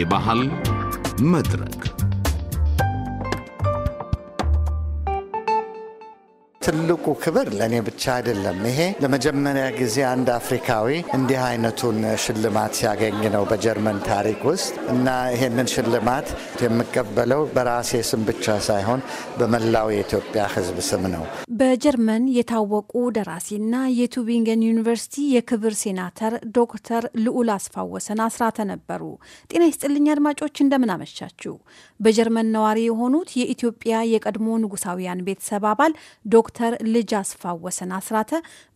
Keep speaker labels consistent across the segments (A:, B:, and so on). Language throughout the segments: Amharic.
A: የባህል መድረክ
B: ትልቁ ክብር ለእኔ ብቻ አይደለም። ይሄ ለመጀመሪያ ጊዜ አንድ አፍሪካዊ እንዲህ አይነቱን ሽልማት ሲያገኝ ነው በጀርመን ታሪክ ውስጥ እና ይሄንን ሽልማት የምቀበለው በራሴ ስም ብቻ ሳይሆን በመላው የኢትዮጵያ ሕዝብ ስም ነው።
A: በጀርመን የታወቁ ደራሲና የቱቢንገን ዩኒቨርሲቲ የክብር ሴናተር ዶክተር ልዑል አስፋወሰን አስራተ ነበሩ። ጤና ይስጥልኝ አድማጮች፣ እንደምን አመሻችሁ። በጀርመን ነዋሪ የሆኑት የኢትዮጵያ የቀድሞ ንጉሳውያን ቤተሰብ አባል ዶክተር ዶክተር ልጅ አስፋወሰን አስራተ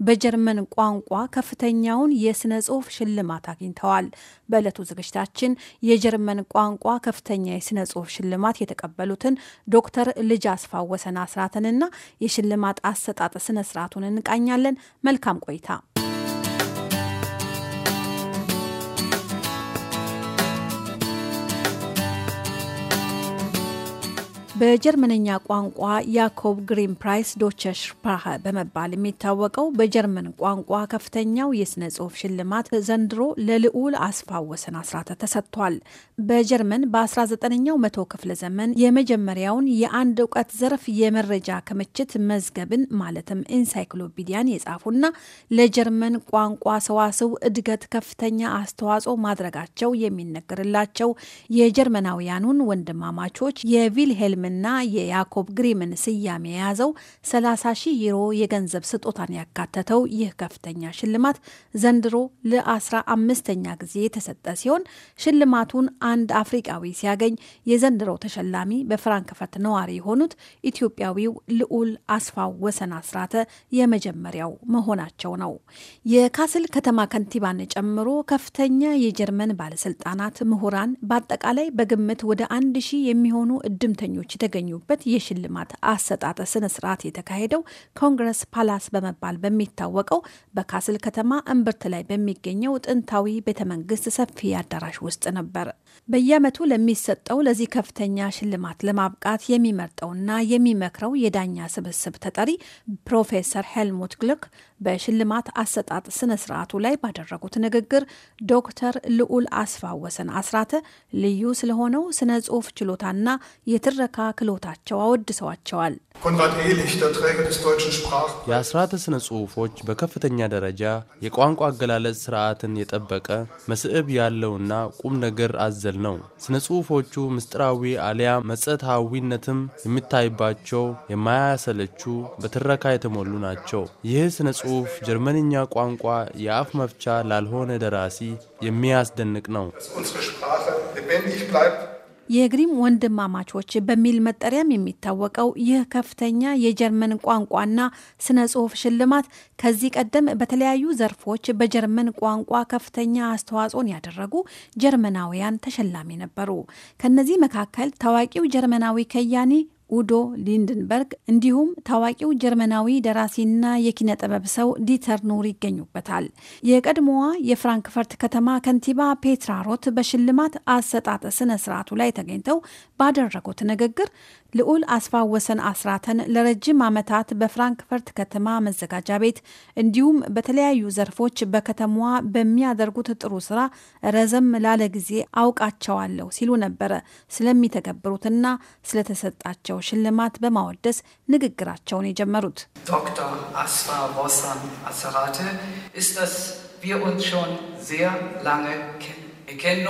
A: በጀርመን ቋንቋ ከፍተኛውን የስነ ጽሁፍ ሽልማት አግኝተዋል። በዕለቱ ዝግጅታችን የጀርመን ቋንቋ ከፍተኛ የስነ ጽሁፍ ሽልማት የተቀበሉትን ዶክተር ልጅ አስፋወሰን አስራተንና የሽልማት አሰጣጥ ስነ ስርዓቱን እንቃኛለን። መልካም ቆይታ። በጀርመንኛ ቋንቋ ያኮብ ግሪን ፕራይስ ዶቸ በመባል የሚታወቀው በጀርመን ቋንቋ ከፍተኛው የሥነ ጽሑፍ ሽልማት ዘንድሮ ለልዑል አስፋ ወሰን አስራተ ተሰጥቷል። በጀርመን በ19ኛው መቶ ክፍለ ዘመን የመጀመሪያውን የአንድ እውቀት ዘርፍ የመረጃ ክምችት መዝገብን ማለትም ኢንሳይክሎፒዲያን የጻፉና ለጀርመን ቋንቋ ሰዋስው እድገት ከፍተኛ አስተዋጽኦ ማድረጋቸው የሚነገርላቸው የጀርመናውያኑን ወንድማማቾች የቪልሄልም ግሪምና የያኮብ ግሪምን ስያሜ የያዘው 30 ሺህ ዩሮ የገንዘብ ስጦታን ያካተተው ይህ ከፍተኛ ሽልማት ዘንድሮ ለአስራ አምስተኛ ጊዜ የተሰጠ ሲሆን ሽልማቱን አንድ አፍሪቃዊ ሲያገኝ የዘንድሮው ተሸላሚ በፍራንክፈርት ነዋሪ የሆኑት ኢትዮጵያዊው ልዑል አስፋው ወሰን አስራተ የመጀመሪያው መሆናቸው ነው። የካስል ከተማ ከንቲባን ጨምሮ ከፍተኛ የጀርመን ባለስልጣናት፣ ምሁራን በአጠቃላይ በግምት ወደ አንድ ሺህ የሚሆኑ እድምተኞች የተገኙበት የሽልማት አሰጣጠ ስነ ስርዓት የተካሄደው ኮንግረስ ፓላስ በመባል በሚታወቀው በካስል ከተማ እምብርት ላይ በሚገኘው ጥንታዊ ቤተመንግስት ሰፊ አዳራሽ ውስጥ ነበር። በየዓመቱ ለሚሰጠው ለዚህ ከፍተኛ ሽልማት ለማብቃት የሚመርጠውና የሚመክረው የዳኛ ስብስብ ተጠሪ ፕሮፌሰር ሄልሙት ግልክ በሽልማት አሰጣጥ ስነ ስርዓቱ ላይ ባደረጉት ንግግር ዶክተር ልዑል አስፋ ወሰን አስራተ ልዩ ስለሆነው ስነ ጽሁፍ ችሎታና የትረካ ክሎታቸው አወድሰዋቸዋል።
B: የአስራተ ስነ ጽሁፎች በከፍተኛ ደረጃ የቋንቋ አገላለጽ ስርዓትን የጠበቀ መስዕብ ያለውና ቁም ነገር አዘ አዘል ነው። ስነ ጽሁፎቹ ምስጢራዊ አሊያ መጸታዊነትም የሚታይባቸው የማያሰለቹ በትረካ የተሞሉ ናቸው። ይህ ስነ ጽሁፍ ጀርመንኛ ቋንቋ የአፍ መፍቻ ላልሆነ ደራሲ የሚያስደንቅ ነው።
A: የግሪም ወንድማማቾች በሚል መጠሪያም የሚታወቀው ይህ ከፍተኛ የጀርመን ቋንቋና ስነ ጽሁፍ ሽልማት ከዚህ ቀደም በተለያዩ ዘርፎች በጀርመን ቋንቋ ከፍተኛ አስተዋጽኦን ያደረጉ ጀርመናውያን ተሸላሚ ነበሩ። ከነዚህ መካከል ታዋቂው ጀርመናዊ ከያኒ ኡዶ ሊንድንበርግ እንዲሁም ታዋቂው ጀርመናዊ ደራሲና የኪነ ጥበብ ሰው ዲተር ኑር ይገኙበታል። የቀድሞዋ የፍራንክፈርት ከተማ ከንቲባ ፔትራ ሮት በሽልማት አሰጣጥ ስነ ስርዓቱ ላይ ተገኝተው ባደረጉት ንግግር ልዑል አስፋ ወሰን አስራተን ለረጅም ዓመታት በፍራንክፈርት ከተማ መዘጋጃ ቤት እንዲሁም በተለያዩ ዘርፎች በከተማዋ በሚያደርጉት ጥሩ ስራ ረዘም ላለ ጊዜ አውቃቸዋለሁ ሲሉ ነበረ ስለሚተገብሩትና ስለተሰጣቸው ሽልማት በማወደስ ንግግራቸውን የጀመሩት።
B: ዶክተር አስፋ ወሰን አስራተ ስ wir uns schon sehr lange kennen.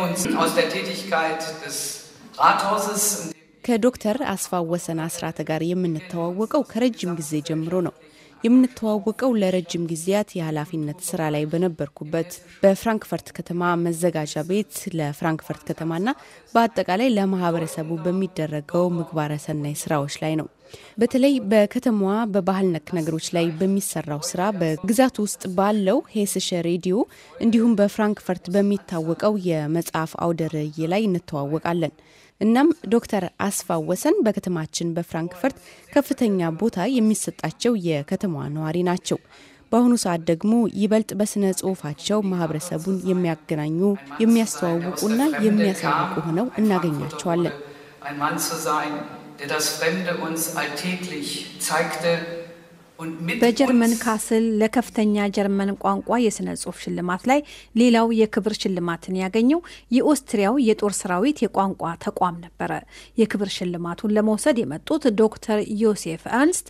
B: Wir
A: ከዶክተር አስፋወሰን ወሰን አስራተ ጋር የምንተዋወቀው ከረጅም ጊዜ ጀምሮ ነው። የምንተዋወቀው ለረጅም ጊዜያት የኃላፊነት ስራ ላይ በነበርኩበት በፍራንክፈርት ከተማ መዘጋጃ ቤት ለፍራንክፈርት ከተማና በአጠቃላይ ለማህበረሰቡ በሚደረገው ምግባረ ሰናይ ስራዎች ላይ ነው። በተለይ በከተማዋ በባህል ነክ ነገሮች ላይ በሚሰራው ስራ በግዛት ውስጥ ባለው ሄስሸ ሬዲዮ እንዲሁም በፍራንክፈርት በሚታወቀው የመጽሐፍ አውደ ርዕይ ላይ እንተዋወቃለን። እናም ዶክተር አስፋ ወሰን በከተማችን በፍራንክፈርት ከፍተኛ ቦታ የሚሰጣቸው የከተማዋ ነዋሪ ናቸው። በአሁኑ ሰዓት ደግሞ ይበልጥ በስነ ጽሁፋቸው ማህበረሰቡን የሚያገናኙ የሚያስተዋውቁና የሚያሳውቁ ሆነው እናገኛቸዋለን። በጀርመን ካስል ለከፍተኛ ጀርመን ቋንቋ የሥነ ጽሑፍ ሽልማት ላይ ሌላው የክብር ሽልማትን ያገኘው የኦስትሪያው የጦር ሰራዊት የቋንቋ ተቋም ነበረ። የክብር ሽልማቱን ለመውሰድ የመጡት ዶክተር ዮሴፍ አንስት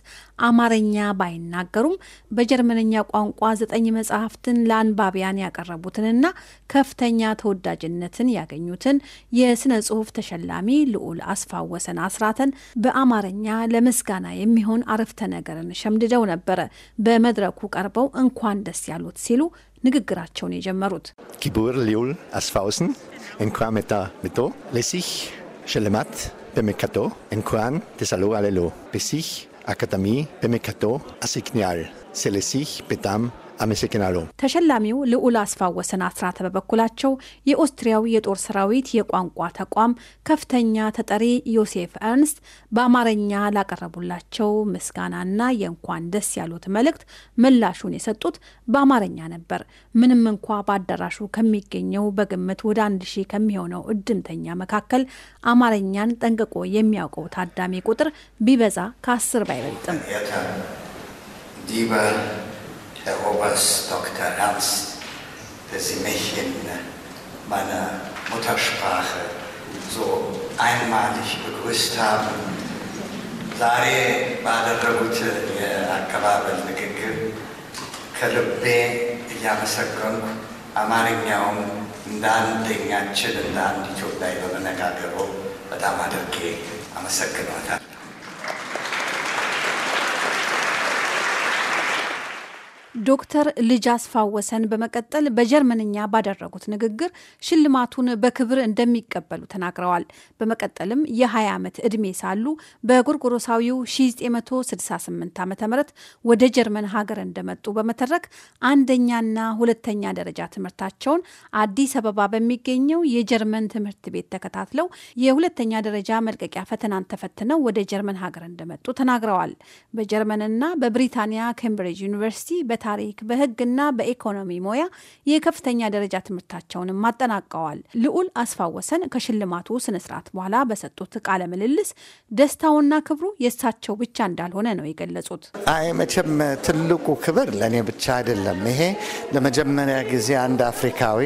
A: አማርኛ ባይናገሩም በጀርመንኛ ቋንቋ ዘጠኝ መጽሐፍትን ለአንባቢያን ያቀረቡትንና ከፍተኛ ተወዳጅነትን ያገኙትን የስነ ጽሁፍ ተሸላሚ ልዑል አስፋወሰን አስራተን በአማርኛ ለምስጋና የሚሆን አረፍተ ነገርን ሸምድደው ነበረ በመድረኩ ቀርበው እንኳን ደስ ያሉት ሲሉ ንግግራቸውን የጀመሩት።
B: ክቡር ልዑል አስፋውስን እንኳን መጣ መቶ ለዚህ ሽልማት በመከቶ እንኳን ተሳሎ አለሎ በዚህ አካዳሚ በመከቶ አስክኒያል ስለዚህ በጣም አመሰግናለሁ።
A: ተሸላሚው ልዑል አስፋወሰን ወሰን አስራተ በበኩላቸው የኦስትሪያው የጦር ሰራዊት የቋንቋ ተቋም ከፍተኛ ተጠሪ ዮሴፍ ኤርንስት በአማርኛ ላቀረቡላቸው ምስጋናና የእንኳን ደስ ያሉት መልእክት ምላሹን የሰጡት በአማርኛ ነበር። ምንም እንኳ በአዳራሹ ከሚገኘው በግምት ወደ አንድ ሺህ ከሚሆነው እድምተኛ መካከል አማርኛን ጠንቅቆ የሚያውቀው ታዳሚ ቁጥር ቢበዛ ከአስር ባይበልጥም
B: Herr Oberst Dr. Ernst, der Sie mich in meiner Muttersprache so einmalig begrüßt haben. ዛሬ ባደረጉት የአቀባበል ንግግር ከልቤ እያመሰገንኩ
A: አማርኛውም እንደ አንደኛችን እንደ አንድ ኢትዮጵያዊ በመነጋገሩ በጣም
B: አድርጌ አመሰግኖታል።
A: ዶክተር ልጅ አስፋወሰን በመቀጠል በጀርመንኛ ባደረጉት ንግግር ሽልማቱን በክብር እንደሚቀበሉ ተናግረዋል። በመቀጠልም የ20 ዓመት ዕድሜ ሳሉ በጎርጎሮሳዊው 1968 ዓ ም ወደ ጀርመን ሀገር እንደመጡ በመተረክ አንደኛና ሁለተኛ ደረጃ ትምህርታቸውን አዲስ አበባ በሚገኘው የጀርመን ትምህርት ቤት ተከታትለው የሁለተኛ ደረጃ መልቀቂያ ፈተናን ተፈትነው ወደ ጀርመን ሀገር እንደመጡ ተናግረዋል። በጀርመንና በብሪታንያ ኬምብሪጅ ዩኒቨርሲቲ በታ በታሪክ በህግና በኢኮኖሚ ሙያ የከፍተኛ ደረጃ ትምህርታቸውንም አጠናቀዋል። ልዑል አስፋወሰን ከሽልማቱ ስነስርዓት በኋላ በሰጡት ቃለ ምልልስ ደስታውና ክብሩ የእሳቸው ብቻ እንዳልሆነ ነው የገለጹት።
B: አይ መቼም ትልቁ ክብር ለእኔ ብቻ አይደለም። ይሄ ለመጀመሪያ ጊዜ አንድ አፍሪካዊ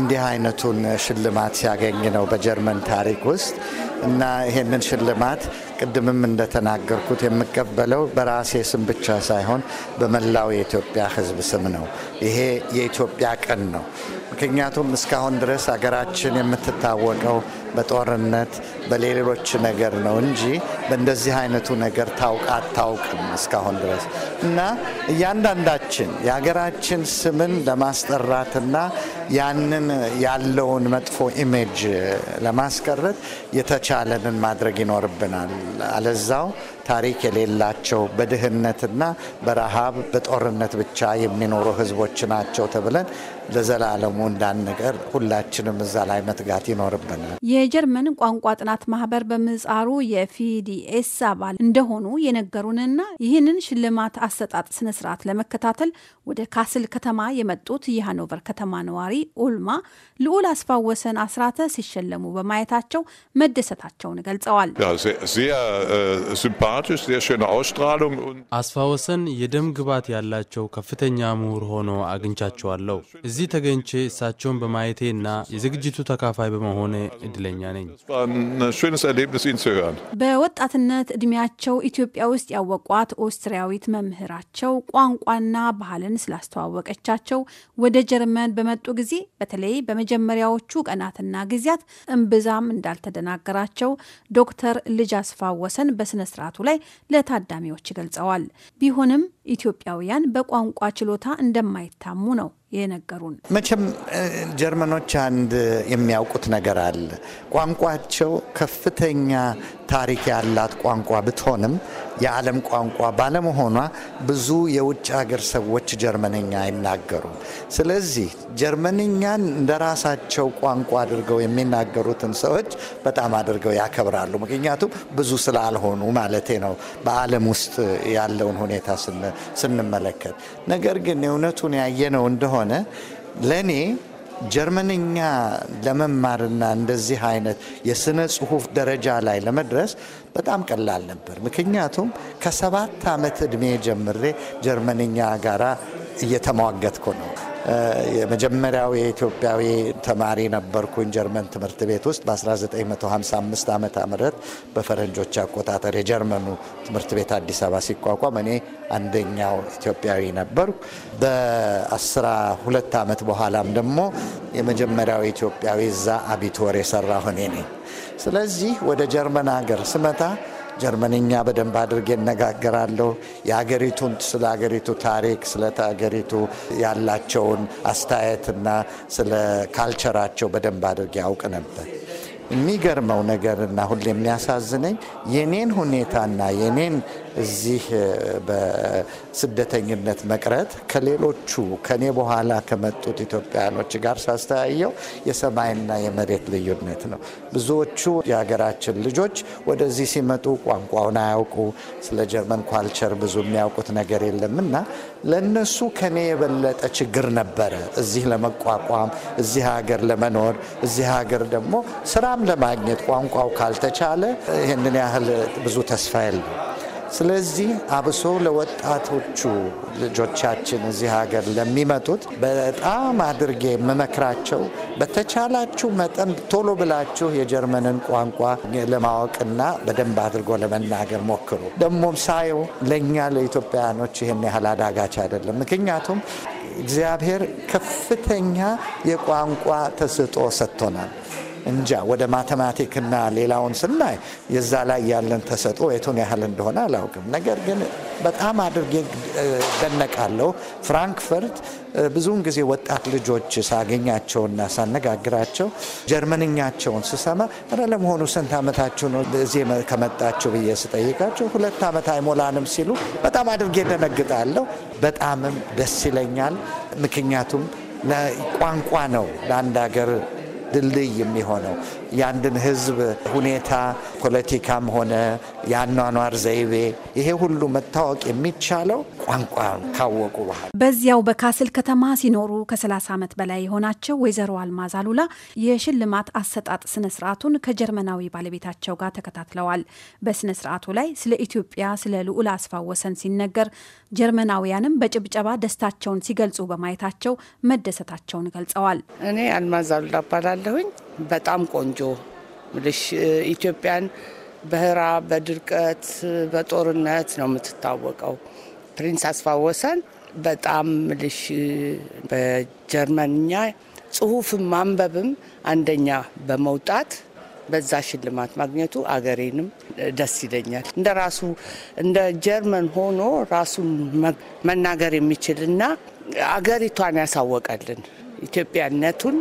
B: እንዲህ አይነቱን ሽልማት ሲያገኝ ነው በጀርመን ታሪክ ውስጥ እና ይሄንን ሽልማት ቅድምም እንደተናገርኩት የምቀበለው በራሴ ስም ብቻ ሳይሆን በመላው የኢትዮጵያ ህዝብ ስም ነው። ይሄ የኢትዮጵያ ቀን ነው። ምክንያቱም እስካሁን ድረስ ሀገራችን የምትታወቀው በጦርነት በሌሎች ነገር ነው እንጂ በእንደዚህ አይነቱ ነገር ታውቅ አታውቅም እስካሁን ድረስ እና እያንዳንዳችን የሀገራችን ስምን ለማስጠራትና ያንን ያለውን መጥፎ ኢሜጅ ለማስቀረት የተቻለንን ማድረግ ይኖርብናል። አለዛው ታሪክ የሌላቸው በድህነትና በረሃብ በጦርነት ብቻ የሚኖሩ ህዝቦች ናቸው ተብለን ለዘላለሙ አንዳንድ ነገር ሁላችንም እዛ ላይ መትጋት ይኖርብናል።
A: የጀርመን ቋንቋ ጥናት ማህበር በምህጻሩ የፊዲኤስ አባል እንደሆኑ የነገሩንና ይህንን ሽልማት አሰጣጥ ስነስርዓት ለመከታተል ወደ ካስል ከተማ የመጡት የሃኖቨር ከተማ ነዋሪ ኡልማ ልዑል አስፋወሰን አስራተ ሲሸለሙ በማየታቸው መደሰታቸውን ገልጸዋል።
B: äh, አስፋወሰን የደም ግባት ያላቸው ከፍተኛ ምሁር ሆኖ አግኝቻቸዋለሁ። እዚህ ተገኝቼ
A: እሳቸውን በማየቴና የዝግጅቱ ተካፋይ በመሆኔ እድለኛ ነኝ። በወጣትነት እድሜያቸው ኢትዮጵያ ውስጥ ያወቋት ኦስትሪያዊት መምህራቸው ቋንቋና ባህልን ስላስተዋወቀቻቸው ወደ ጀርመን በመጡ ጊዜ በተለይ በመጀመሪያዎቹ ቀናትና ጊዜያት እምብዛም እንዳልተደናገራቸው ዶክተር ልጅ አስፋወሰን በስነ ስርዓቱ ላይ ለታዳሚዎች ገልጸዋል። ቢሆንም ኢትዮጵያውያን በቋንቋ ችሎታ እንደማይታሙ ነው የነገሩን።
B: መቼም ጀርመኖች አንድ የሚያውቁት ነገር አለ። ቋንቋቸው ከፍተኛ ታሪክ ያላት ቋንቋ ብትሆንም የዓለም ቋንቋ ባለመሆኗ ብዙ የውጭ ሀገር ሰዎች ጀርመንኛ አይናገሩም። ስለዚህ ጀርመንኛን እንደ ራሳቸው ቋንቋ አድርገው የሚናገሩትን ሰዎች በጣም አድርገው ያከብራሉ። ምክንያቱም ብዙ ስላልሆኑ ማለቴ ነው፣ በዓለም ውስጥ ያለውን ሁኔታ ስንመለከት። ነገር ግን እውነቱን ያየነው እንደሆነ ለእኔ ጀርመንኛ ለመማርና እንደዚህ አይነት የስነ ጽሁፍ ደረጃ ላይ ለመድረስ በጣም ቀላል ነበር። ምክንያቱም ከሰባት ዓመት ዕድሜ ጀምሬ ጀርመንኛ ጋራ እየተሟገትኩ ነው። የመጀመሪያው የኢትዮጵያዊ ተማሪ ነበርኩኝ ጀርመን ትምህርት ቤት ውስጥ በ1955 ዓ ምህረት በፈረንጆች አቆጣጠር የጀርመኑ ትምህርት ቤት አዲስ አበባ ሲቋቋም እኔ አንደኛው ኢትዮጵያዊ ነበርኩ። በ12 ዓመት በኋላም ደግሞ የመጀመሪያው ኢትዮጵያዊ እዛ አቢቶር የሰራሁ እኔ ነኝ። ስለዚህ ወደ ጀርመን ሀገር ስመታ ጀርመንኛ በደንብ አድርጌ እነጋገራለሁ። የአገሪቱን ስለ አገሪቱ ታሪክ፣ ስለ ሀገሪቱ ያላቸውን አስተያየትና ስለ ካልቸራቸው በደንብ አድርጌ አውቅ ነበር። የሚገርመው ነገርና ሁሌ የሚያሳዝነኝ የኔን ሁኔታና የኔን እዚህ በስደተኝነት መቅረት ከሌሎቹ ከኔ በኋላ ከመጡት ኢትዮጵያውያኖች ጋር ሳስተያየው የሰማይና የመሬት ልዩነት ነው። ብዙዎቹ የሀገራችን ልጆች ወደዚህ ሲመጡ ቋንቋውን አያውቁ፣ ስለ ጀርመን ኳልቸር ብዙ የሚያውቁት ነገር የለም እና ለእነሱ ከኔ የበለጠ ችግር ነበረ እዚህ ለመቋቋም እዚህ ሀገር ለመኖር እዚህ ሀገር ደግሞ ስራም ለማግኘት ቋንቋው ካልተቻለ ይህንን ያህል ብዙ ተስፋ የለም። ስለዚህ አብሶ ለወጣቶቹ ልጆቻችን እዚህ ሀገር ለሚመጡት በጣም አድርጌ የምመክራቸው በተቻላችሁ መጠን ቶሎ ብላችሁ የጀርመንን ቋንቋ ለማወቅና በደንብ አድርጎ ለመናገር ሞክሩ። ደግሞም ሳየው ለእኛ ለኢትዮጵያውያኖች ይህን ያህል አዳጋች አይደለም። ምክንያቱም እግዚአብሔር ከፍተኛ የቋንቋ ተስጦ ሰጥቶናል። እንጃ ወደ ማቴማቲክና ሌላውን ስናይ የዛ ላይ ያለን ተሰጦ የቱን ያህል እንደሆነ አላውቅም። ነገር ግን በጣም አድርጌ ደነቃለሁ። ፍራንክፈርት ብዙውን ጊዜ ወጣት ልጆች ሳገኛቸውና ሳነጋግራቸው ጀርመንኛቸውን ስሰማ ኧረ ለመሆኑ ስንት ዓመታችሁ ነው እዚህ ከመጣችሁ ብዬ ስጠይቃቸው ሁለት ዓመት አይሞላንም ሲሉ በጣም አድርጌ ደነግጣለሁ። በጣምም ደስ ይለኛል። ምክንያቱም ቋንቋ ነው ለአንድ ሀገር ድልድይ የሚሆነው የአንድን ህዝብ ሁኔታ ፖለቲካም ሆነ የአኗኗር ዘይቤ ይሄ ሁሉ መታወቅ የሚቻለው ቋንቋ ካወቁ ባህል።
A: በዚያው በካስል ከተማ ሲኖሩ ከ30 ዓመት በላይ የሆናቸው ወይዘሮ አልማዝ አሉላ የሽልማት አሰጣጥ ስነ ስርዓቱን ከጀርመናዊ ባለቤታቸው ጋር ተከታትለዋል። በስነ ስርዓቱ ላይ ስለ ኢትዮጵያ ስለ ልዑል አስፋው ወሰን ሲነገር ጀርመናውያንም በጭብጨባ ደስታቸውን ሲገልጹ በማየታቸው መደሰታቸውን ገልጸዋል። እኔ
B: አልማዝ አሉላ አስባለሁኝ። በጣም ቆንጆ ልሽ ኢትዮጵያን በህራ በድርቀት፣ በጦርነት ነው የምትታወቀው። ፕሪንስ አስፋወሰን በጣም ልሽ በጀርመንኛ ጽሁፍም ማንበብም አንደኛ በመውጣት በዛ ሽልማት ማግኘቱ አገሬንም ደስ ይለኛል። እንደ ራሱ እንደ ጀርመን ሆኖ ራሱን መናገር የሚችልና አገሪቷን ያሳወቀልን ኢትዮጵያነቱን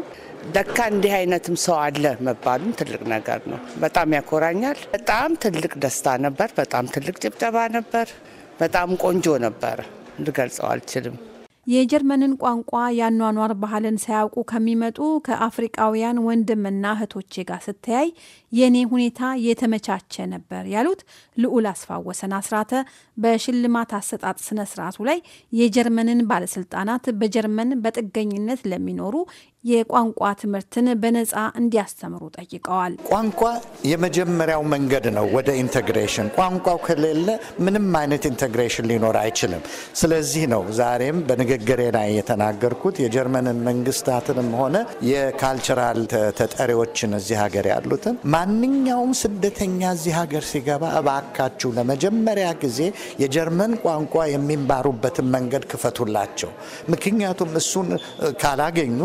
B: ለካ እንዲህ አይነትም ሰው አለ መባሉም ትልቅ ነገር ነው። በጣም ያኮራኛል። በጣም ትልቅ ደስታ ነበር። በጣም ትልቅ ጭብጨባ ነበር። በጣም ቆንጆ ነበር። ልገልጸው አልችልም።
A: የጀርመንን ቋንቋ የአኗኗር ባህልን ሳያውቁ ከሚመጡ ከአፍሪቃውያን ወንድምና እህቶቼ ጋር ስተያይ የእኔ ሁኔታ የተመቻቸ ነበር ያሉት ልዑል አስፋወሰን አስራተ በሽልማት አሰጣጥ ስነ ስርዓቱ ላይ የጀርመንን ባለስልጣናት በጀርመን በጥገኝነት ለሚኖሩ የቋንቋ ትምህርትን በነፃ እንዲያስተምሩ ጠይቀዋል። ቋንቋ
B: የመጀመሪያው መንገድ ነው ወደ ኢንቴግሬሽን። ቋንቋው ከሌለ ምንም አይነት ኢንቴግሬሽን ሊኖር አይችልም። ስለዚህ ነው ዛሬም በንግግሬ ላይ የተናገርኩት የጀርመንን መንግስታትንም ሆነ የካልቸራል ተጠሪዎችን እዚህ ሀገር ያሉትን ማንኛውም ስደተኛ እዚህ ሀገር ሲገባ እባካችሁ ለመጀመሪያ ጊዜ የጀርመን ቋንቋ የሚማሩበትን መንገድ ክፈቱላቸው። ምክንያቱም እሱን ካላገኙ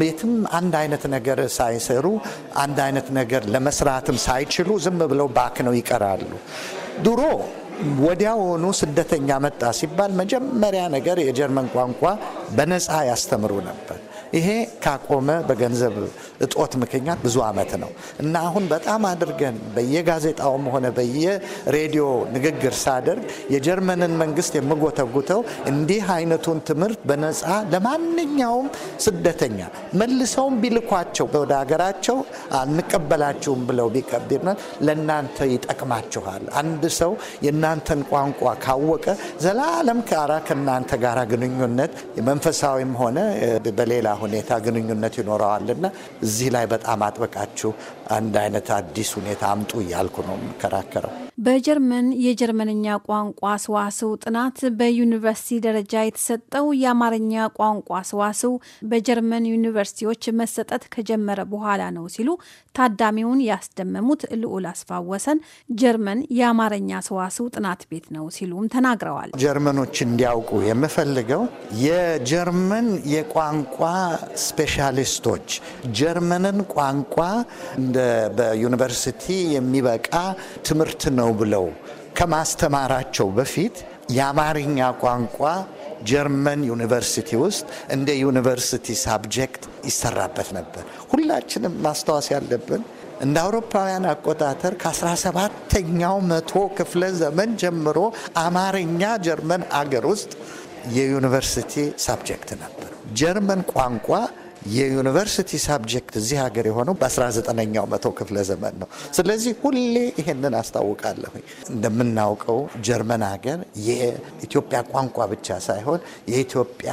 B: ቤትም አንድ አይነት ነገር ሳይሰሩ አንድ አይነት ነገር ለመስራትም ሳይችሉ ዝም ብለው ባክነው ይቀራሉ። ድሮ ወዲያውኑ ስደተኛ መጣ ሲባል መጀመሪያ ነገር የጀርመን ቋንቋ በነፃ ያስተምሩ ነበር። ይሄ ካቆመ በገንዘብ እጦት ምክንያት ብዙ ዓመት ነው እና አሁን በጣም አድርገን በየጋዜጣውም ሆነ በየሬዲዮ ንግግር ሳደርግ የጀርመንን መንግስት የምጎተጉተው እንዲህ አይነቱን ትምህርት በነፃ ለማንኛውም ስደተኛ መልሰውም ቢልኳቸው ወደ ሀገራቸው አንቀበላችሁም ብለው ቢቀቢርነ ለእናንተ ይጠቅማችኋል። አንድ ሰው የእናንተን ቋንቋ ካወቀ ዘላለም ከአራ ከእናንተ ጋር ግንኙነት መንፈሳዊም ሆነ በሌላ ሁኔታ ግንኙነት ይኖረዋልና እዚህ ላይ በጣም አጥብቃችሁ አንድ አይነት አዲስ ሁኔታ አምጡ እያልኩ ነው የምከራከረው።
A: በጀርመን የጀርመንኛ ቋንቋ ሰዋስው ጥናት በዩኒቨርሲቲ ደረጃ የተሰጠው የአማርኛ ቋንቋ ሰዋስው በጀርመን ዩኒቨርሲቲዎች መሰጠት ከጀመረ በኋላ ነው ሲሉ ታዳሚውን ያስደመሙት ልዑል አስፋወሰን ጀርመን የአማርኛ ሰዋስው ጥናት ቤት ነው ሲሉም ተናግረዋል።
B: ጀርመኖች እንዲያውቁ የምፈልገው የጀርመን የቋንቋ ስፔሻሊስቶች ጀርመንን ቋንቋ በዩኒቨርሲቲ የሚበቃ ትምህርት ነው ብለው ከማስተማራቸው በፊት የአማርኛ ቋንቋ ጀርመን ዩኒቨርሲቲ ውስጥ እንደ ዩኒቨርሲቲ ሳብጀክት ይሰራበት ነበር። ሁላችንም ማስታወስ ያለብን እንደ አውሮፓውያን አቆጣጠር ከ17ኛው መቶ ክፍለ ዘመን ጀምሮ አማርኛ ጀርመን አገር ውስጥ የዩኒቨርሲቲ ሳብጀክት ነበር። ጀርመን ቋንቋ የዩኒቨርሲቲ ሳብጀክት እዚህ ሀገር የሆነው በ19ኛው መቶ ክፍለ ዘመን ነው። ስለዚህ ሁሌ ይህንን አስታውቃለሁ። እንደምናውቀው ጀርመን ሀገር የኢትዮጵያ ቋንቋ ብቻ ሳይሆን የኢትዮጵያ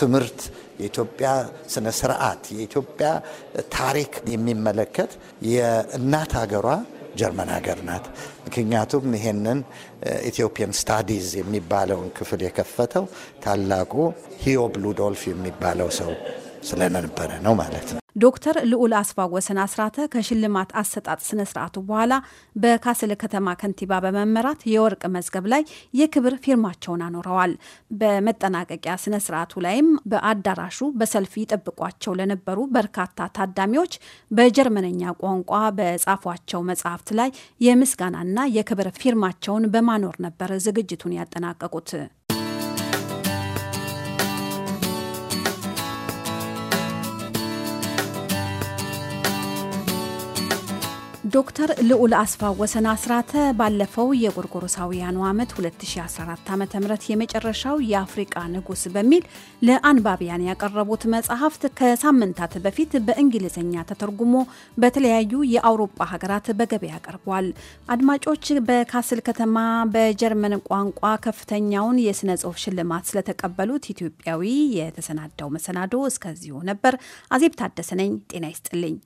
B: ትምህርት፣ የኢትዮጵያ ስነ ስርዓት፣ የኢትዮጵያ ታሪክ የሚመለከት የእናት ሀገሯ ጀርመን ሀገር ናት። ምክንያቱም ይሄንን ኢትዮጵያን eh, ስታዲዝ የሚባለውን ክፍል የከፈተው ታላቁ ሂዮብ ሉዶልፍ የሚባለው ሰው ስለነበረ ነው ማለት
A: ነው። ዶክተር ልዑል አስፋወሰን አስራተ ከሽልማት አሰጣጥ ስነ ስርዓቱ በኋላ በካስል ከተማ ከንቲባ በመመራት የወርቅ መዝገብ ላይ የክብር ፊርማቸውን አኖረዋል። በመጠናቀቂያ ስነ ስርዓቱ ላይም በአዳራሹ በሰልፍ ይጠብቋቸው ለነበሩ በርካታ ታዳሚዎች በጀርመነኛ ቋንቋ በጻፏቸው መጽሐፍት ላይ የምስጋናና የክብር ፊርማቸውን በማኖር ነበር ዝግጅቱን ያጠናቀቁት። ዶክተር ልዑል አስፋ ወሰን አስራተ ባለፈው የጎርጎሮሳውያኑ ዓመት 2014 ዓ ም የመጨረሻው የአፍሪቃ ንጉሥ በሚል ለአንባቢያን ያቀረቡት መጽሐፍት ከሳምንታት በፊት በእንግሊዝኛ ተተርጉሞ በተለያዩ የአውሮፓ ሀገራት በገበያ ቀርቧል። አድማጮች፣ በካስል ከተማ በጀርመን ቋንቋ ከፍተኛውን የሥነ ጽሑፍ ሽልማት ስለተቀበሉት ኢትዮጵያዊ የተሰናዳው መሰናዶ እስከዚሁ ነበር። አዜብ ታደሰ ነኝ። ጤና ይስጥልኝ።